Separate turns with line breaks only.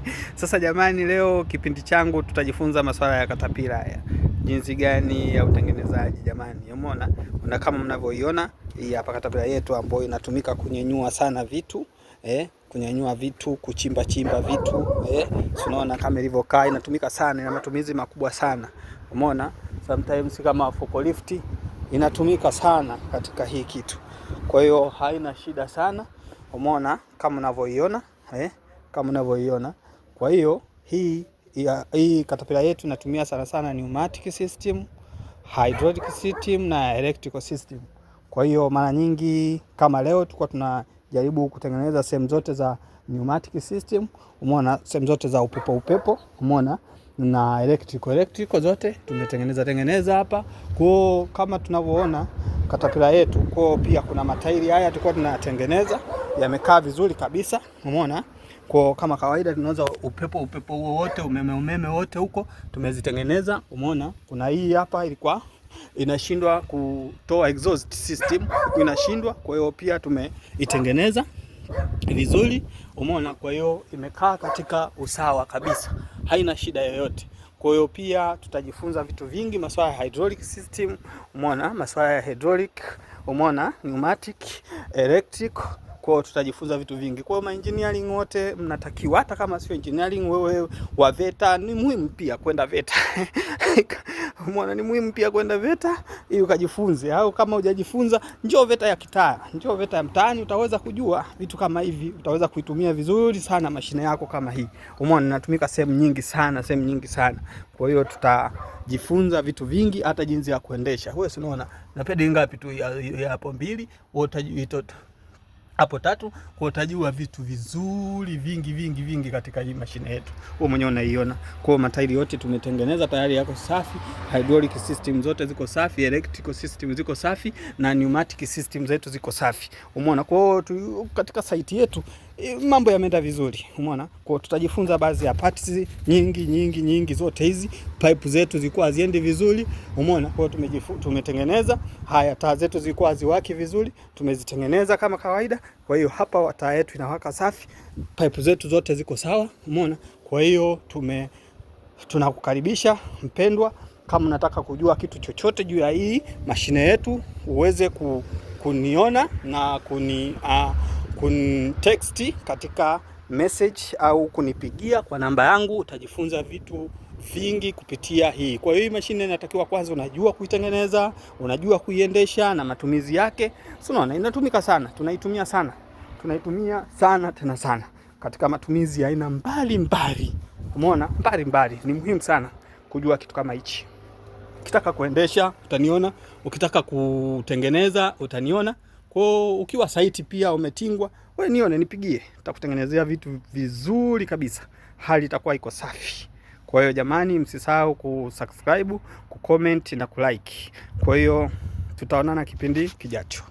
Sasa jamani, leo kipindi changu tutajifunza masuala ya katapila haya, jinsi gani ya utengenezaji. Jamani, umeona na kama mnavyoiona hii hapa katapila yetu ambayo inatumika kunyanyua sana vitu eh, kunyanyua vitu, kuchimba chimba vitu eh, unaona kama ilivyokaa, inatumika sana, ina matumizi makubwa sana. Umeona sometimes kama forklift inatumika sana katika hii kitu, kwa hiyo haina shida sana. Umeona kama unavyoiona eh kama unavyoiona. Kwa hiyo hii, hii katapila yetu inatumia sana sana pneumatic system, hydraulic system na electrical system. Kwa hiyo mara nyingi kama leo tulikuwa tunajaribu kutengeneza sehemu zote za pneumatic system, umeona sehemu zote za upepo upepo, umeona na electrical electrical zote tumetengeneza tengeneza hapa. Kwa kama tunavyoona katapila yetu, kwa pia kuna matairi haya tulikuwa tunayatengeneza, yamekaa vizuri kabisa, umeona. Kwa kama kawaida tunaweza upepo upepo huo wote umeme umeme wote huko tumezitengeneza. Umeona kuna hii hapa ilikuwa inashindwa kutoa exhaust system, inashindwa kwa hiyo pia tumeitengeneza vizuri. Umeona, kwa hiyo imekaa katika usawa kabisa, haina shida yoyote. Kwa hiyo pia tutajifunza vitu vingi, masuala ya hydraulic system, umeona, masuala ya hydraulic, umeona, pneumatic, electric kwa hiyo tutajifunza vitu vingi. Kwa hiyo ma engineering wote mnatakiwa, hata kama sio engineering, wewe wa VETA ni muhimu pia kwenda VETA mwana ni muhimu pia kwenda VETA ili ukajifunze, au kama hujajifunza njoo VETA ya kitaa, njoo VETA ya mtaani, utaweza kujua vitu kama hivi, utaweza kuitumia vizuri sana mashine yako kama hii. Umeona inatumika sehemu nyingi sana, sehemu nyingi sana. Kwa hiyo tutajifunza vitu vingi, hata jinsi ya kuendesha. Wewe unaona na pedi ngapi tu hapo mbili, wewe utajua hapo tatu, kwa utajua vitu vizuri vingi vingi vingi katika hii mashine yetu, wewe mwenyewe unaiona. Kwa matairi yote tumetengeneza tayari, yako safi, hydraulic system zote ziko safi, electrical system ziko safi na pneumatic system zetu ziko safi, umeona. Kwa hiyo katika site yetu e, mambo yameenda vizuri, umeona. Kwa hiyo tutajifunza baadhi ya parts nyingi nyingi nyingi, zote hizi pipe zetu zilikuwa haziendi vizuri, umeona. Kwa hiyo tumetengeneza haya, taa zetu zilikuwa haziwaki vizuri, tumezitengeneza kama kawaida kwa hiyo hapa taa yetu inawaka safi, pipe zetu zote ziko sawa, umeona. Kwa hiyo tume tunakukaribisha mpendwa, kama unataka kujua kitu chochote juu ya hii mashine yetu uweze ku, kuniona na kuni, uh, kuni katika message au kunipigia kwa namba yangu, utajifunza vitu vingi kupitia hii. Kwa hiyo hii mashine inatakiwa kwanza unajua kuitengeneza, unajua kuiendesha na matumizi yake. Si unaona inatumika sana, tunaitumia sana, tunaitumia sana tena sana katika matumizi ya aina mbalimbali. Umeona, mbalimbali ni muhimu sana kujua kitu kama hichi. Ukitaka kuendesha utaniona, ukitaka kutengeneza utaniona. Kwa ukiwa saiti pia umetingwa, wewe nione, nipigie, nitakutengenezea vitu vizuri kabisa. Hali itakuwa iko safi. Kwa hiyo jamani, msisahau kusubscribe, kucomment na kulike. Kwa hiyo tutaonana kipindi kijacho.